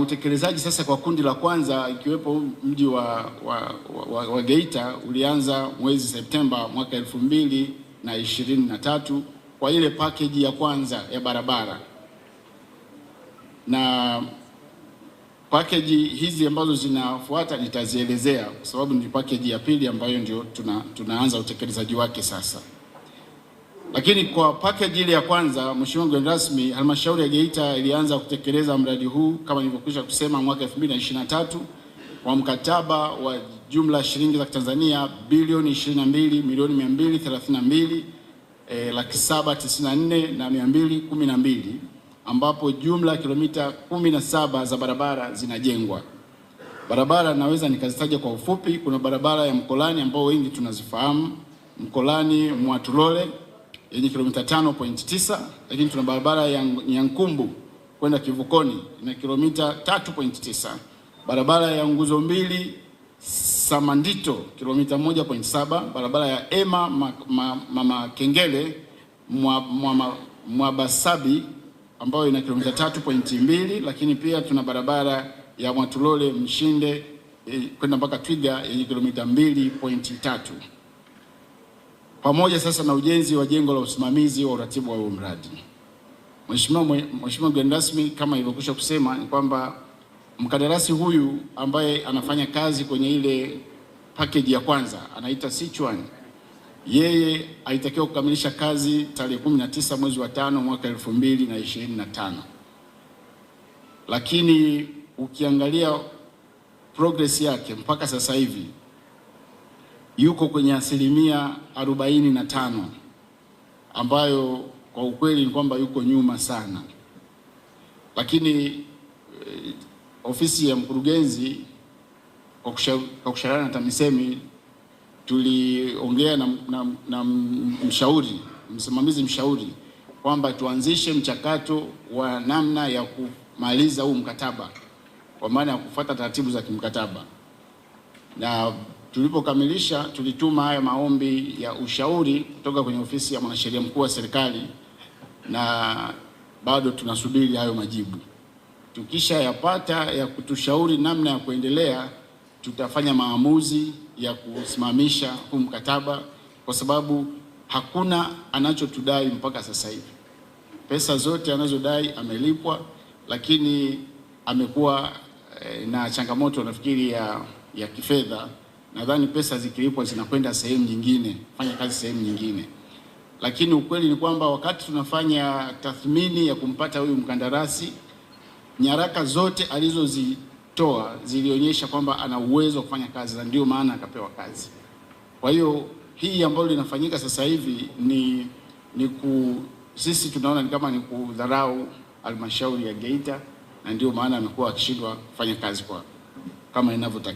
Utekelezaji sasa kwa kundi la kwanza ikiwepo mji wa, wa, wa, wa Geita ulianza mwezi Septemba mwaka elfu mbili na ishirini na tatu kwa ile package ya kwanza ya barabara na package hizi ambazo zinafuata nitazielezea kwa sababu ni package ya pili ambayo ndio tuna, tunaanza utekelezaji wake sasa. Lakini kwa package ile ya kwanza, Mheshimiwa mgeni rasmi, halmashauri ya Geita ilianza kutekeleza mradi huu kama nilivyokwisha kusema mwaka 2023 kwa mkataba wa jumla shilingi za Tanzania bilioni 22 milioni 232 e, eh, laki saba na 212 ambapo jumla kilomita 17 za barabara zinajengwa. Barabara naweza nikazitaja kwa ufupi. Kuna barabara ya Mkolani ambao wengi tunazifahamu, Mkolani Mwatulole yenye kilomita 5.9, lakini tuna barabara ya Nyankumbu kwenda Kivukoni ina kilomita 3.9, barabara ya nguzo mbili Samandito kilomita 1.7, barabara ya Ema Mama ma, ma, ma, Kengele Mwabasabi mwa, mwa ambayo ina kilomita 3.2, lakini pia tuna barabara ya Mwatulole Mshinde eh, kwenda mpaka Twiga yenye kilomita 2.3 pamoja sasa na ujenzi wa jengo la usimamizi wa uratibu wa huo mradi. Mheshimiwa Mheshimiwa mgeni rasmi, kama ilivyokwisha kusema ni kwamba mkandarasi huyu ambaye anafanya kazi kwenye ile package ya kwanza anaita Sichuan, yeye alitakiwa kukamilisha kazi tarehe 19 mwezi wa tano mwaka na tano lakini ukiangalia progress yake mpaka sasa hivi yuko kwenye asilimia arobaini na tano ambayo kwa ukweli ni kwamba yuko nyuma sana, lakini eh, ofisi ya mkurugenzi kwa kushauriana na TAMISEMI tuliongea na, na, na mshauri msimamizi mshauri kwamba tuanzishe mchakato wa namna ya kumaliza huu mkataba kwa maana ya kufuata taratibu za kimkataba na Tulipokamilisha tulituma haya maombi ya ushauri kutoka kwenye ofisi ya mwanasheria mkuu wa serikali, na bado tunasubiri hayo majibu. tukisha yapata ya kutushauri namna ya kuendelea, tutafanya maamuzi ya kusimamisha huu mkataba, kwa sababu hakuna anachotudai mpaka sasa hivi. Pesa zote anazodai amelipwa, lakini amekuwa eh, na changamoto nafikiri ya, ya kifedha nadhani pesa zikilipwa zinakwenda sehemu nyingine, fanya kazi sehemu nyingine. Lakini ukweli ni kwamba wakati tunafanya tathmini ya kumpata huyu mkandarasi, nyaraka zote alizozitoa zilionyesha kwamba ana uwezo wa kufanya kazi na ndio maana akapewa kazi. Kwa hiyo hii ambayo linafanyika sasa hivi ni, ni ku, sisi tunaona ni kama ni kudharau halmashauri ya Geita na ndio maana amekuwa akishindwa kufanya kazi kwa kama inavyotaka.